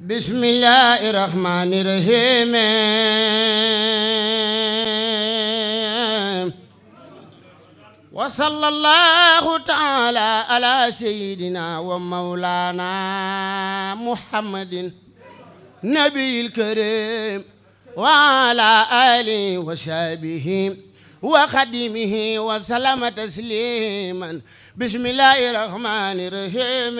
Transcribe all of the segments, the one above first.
بسم الله الرحمن الرحيم وصلى الله تعالى على سيدنا ومولانا محمد نبي الكريم وعلى آله وصحبه وخدمه وسلم تسليما بسم الله الرحمن الرحيم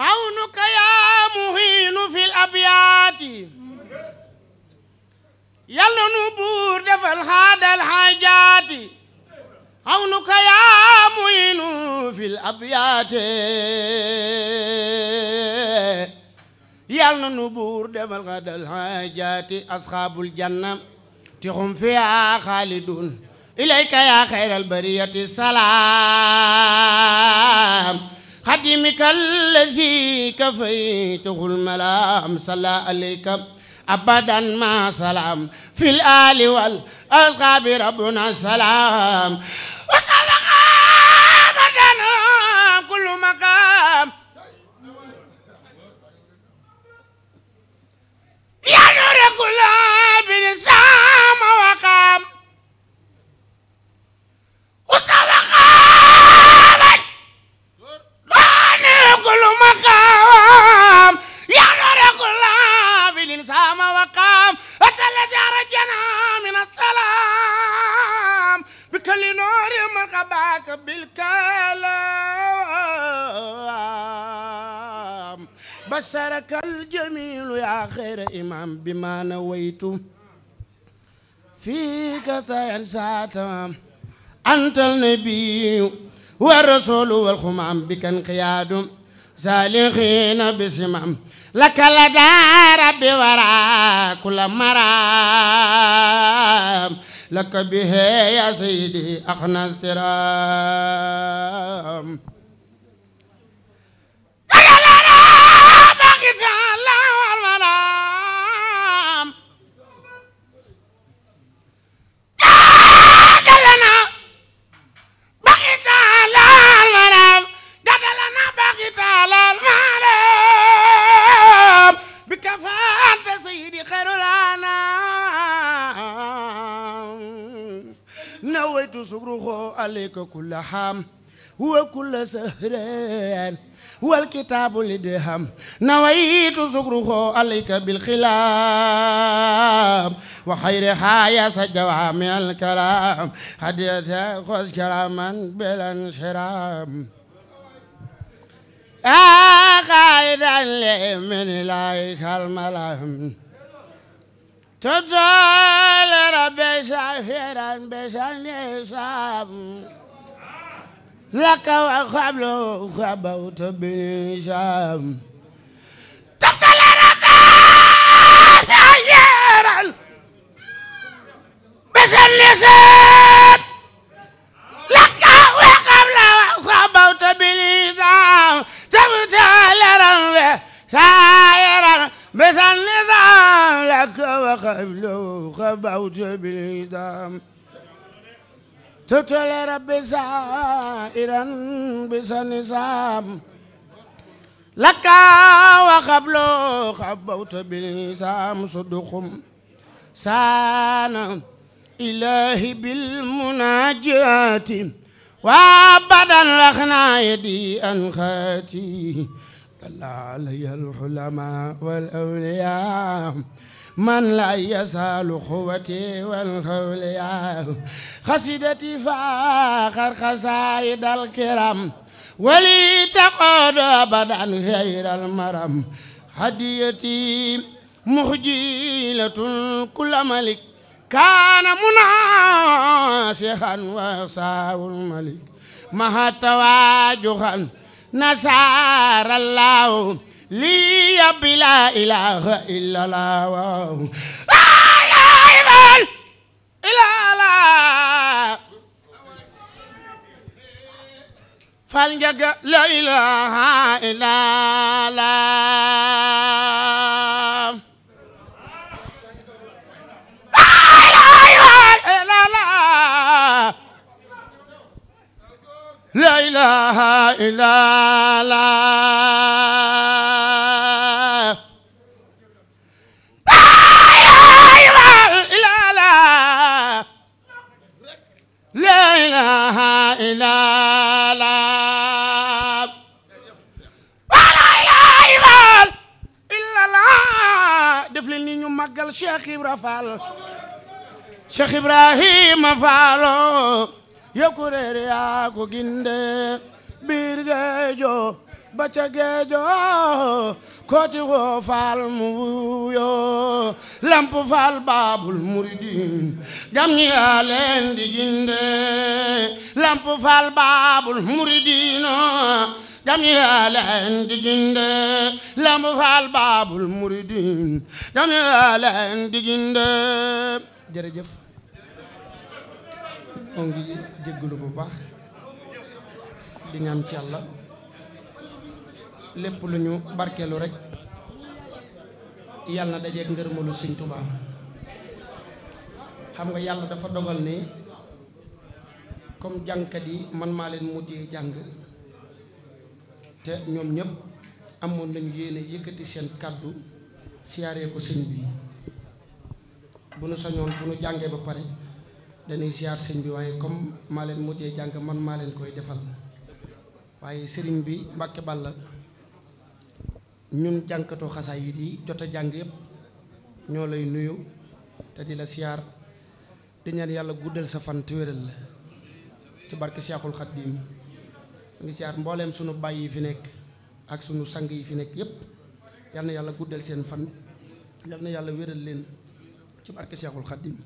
عونك يا مهين في الأبيات يلا نبور دفل هذا الحاجات عونك يا مهين في الأبيات يلا نبور دفل هذا الحاجات أصحاب الجنة تهم فيها خالدون إليك يا خير البرية السلام خدمك الذي كفيته الملام صلى عليك أبدا ما سلام في الآل والأصحاب ربنا سلام وسلام بشرك الجميل يا خير إمام بما نويت فيك سينسات أنت النبي والرسول والخمام بك انقياد سالخين بسمام لك لدى ربي ورا كل مرام لك به يا سيدي أخنا استرام سيدي خير الأنام نويت سكره عليك كل حام وكل سهران والكتاب لدهم نويت سكره عليك بالخلام وخير حياة جوامع الكلام حديث خذ كلاما بلا انشرام آه قائدا لمن لايك الملام تطالر بسافرا بسنسام لك وقبل خبوت بسام تطالر بسافرا بسنسام الوجوب الهدام تتلى ربي سائرا بس نسام لك وقبل خبوت بلسام صدقم سانا إلهي بالمناجات وابدا لخنا يدي أنخاتي دل علي الحلماء والأولياء من لا يزال قوتي والخول خسيدتي فاخر خسائد الكرام ولي تقعد أبدا غير المرم هديتي مخجلة كل ملك كان مناسخا وصاو الملك مها تواجها نسار الله lii yabbi laa ilaaha illallah fal njaga laa ilaaha illallah laa ilaaha illallah la ilaha illa Allah wala ilaha illa Allah ni ñu màggal Cheikh Ibra Fall Cheikh Ibrahima Fallo yow biir géejoo ba ca ko ci woo faal mu wuyoo lamp faal baabul muridin jam ñi yaa di jinde lamp faal baabul muridino jam yaa leen di jinde lamp faal baabul muridin jam yaa leen di jinde jërëjëf on ngi jéggalu bu baax di ñaan ci lépp lu ñu barkeelu rek yàlla na dajeeg ngërmalu Sëñ Tuubaa xam nga yàlla dafa dogal ne comme jàngkat yi man maa leen mujjee jàng te ñoom ñëpp amoon nañu yéene yëkkati seen kàddu siyaaree ko sëñ bi bu nu sañoon bu nu jàngee ba pare dañuy siyaar sëñ bi waaye comme maa leen mujjee jàng man maa leen koy defal waaye sëriñ bi Mbàkke Balla ñun jànkatoo xasaay yi di jot jàng yëpp ñoo lay nuyu te di la siyaar di ñaan yàlla guddal sa fan te wéral la ci barke Seexul Xaddiim ngi siyaar mbooleem sunu bàyyi yi fi nekk ak sunu sang yi fi nekk yëpp yal na yàlla guddal seen fan yal na yàlla wéral leen ci barke Seexul Xaddiim